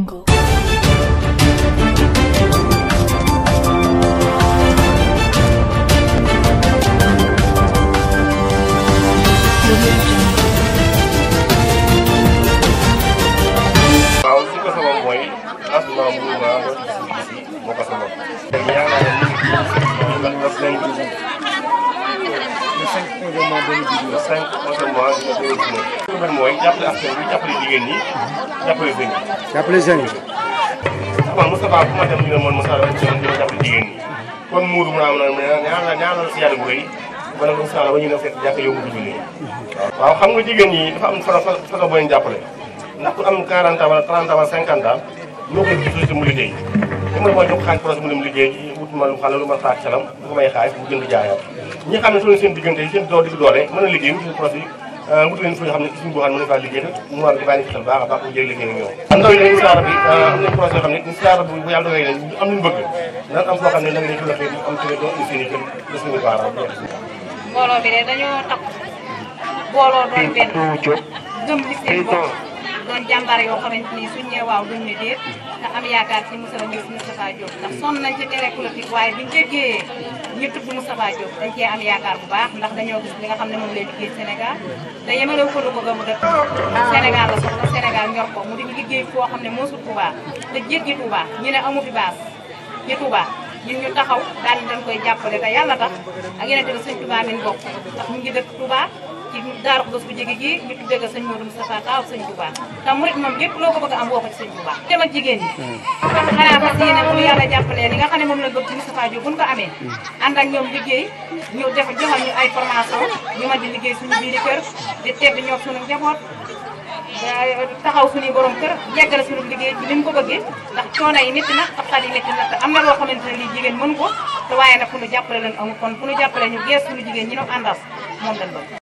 Jungle. waaw li ko sabab mooy asma mouvement moo ko sabab. mois mooy jàppale askan bi jàppale jigéen ñi jàppale sëñ bi. jàppale sëñ bi. waaw Moustapha bu ma dem ñu ne man Moustapha dafa ci yoon dina jàppale jigéen ñi. comme Mourou Moussa ma ne ñaanal ñu ne fekk jàkk yóbbu nii. waaw xam nga jigéen ñi dafa am façon façon boo jàppale ndax ku am 40 ans wala 30 ans wala 50 koy gis ci li ma la mooy jox lu xale lu ma faat calam bu ko may xaaj bu jënd jaayam ñu nga xam ne toll seen diggante seen doo digg doole mën a liggéey wuti seen profit euh, wuti leen fu ñu xam ne boo xam ne na faa mu war a baax mu jëriñ euh, xam ne ñu si daara bi bu yàlla dogalee leen am lu ñu bëgg nan am boo xam ne nag lañ ko defee am télé bi de dañoo takk booloo doon benn gëm li doon jàmbaar yoo xamante ni suñ nee waaw duñ ne déet te am yaakaar ci a Diop Moustapha Diop ndax sonn nañ ci waaye biñ déggee ñu tudd Moustapha Diop am yaakaar bu baax ndax dañoo gis li nga xam ne moom lay liggéey Sénégal te yemale ko lu ko gëm dëkk Sénégal la soxla Sénégal ñor ko mu di liggéey foo xam ne moosul Touba te jéggi Touba ñu ne amu fi baas ci Touba ñun ñu taxaw daal di dañ koy jàppale te yàlla tax ak yeneen tamit sëñ Touba min bokk ndax ñu ngi dëkk Touba ci daaru xudus bu jege gi ñu tuddee ko sëñ Modou Moustapha taaw sëñ Touba te murit moom lépp loo ko bëgg a am woo ko ci sëñ Touba dem ak jigéen ñi hmm. xanaa fas yéene bu yàlla jàppalee li nga xam ne moom lañ bëgg ci Moustapha Diop buñ ko amee hmm. liggéey ñu def joxal ay formation ñu mën di liggéey suñu biir kër di tedd ñoo suñu njaboot taxaw suñuy borom kër yeggale suñu liggéey ci ni mu ko bëggee ndax coono yi na xat yi métti na am na loo xamante ne lii jigéen mënu ko te waaye nag fu ñu jàppale leen amul kon fu ñu jàppale ñu gees suñu jigéen ñi ñu àndal moom la bëgg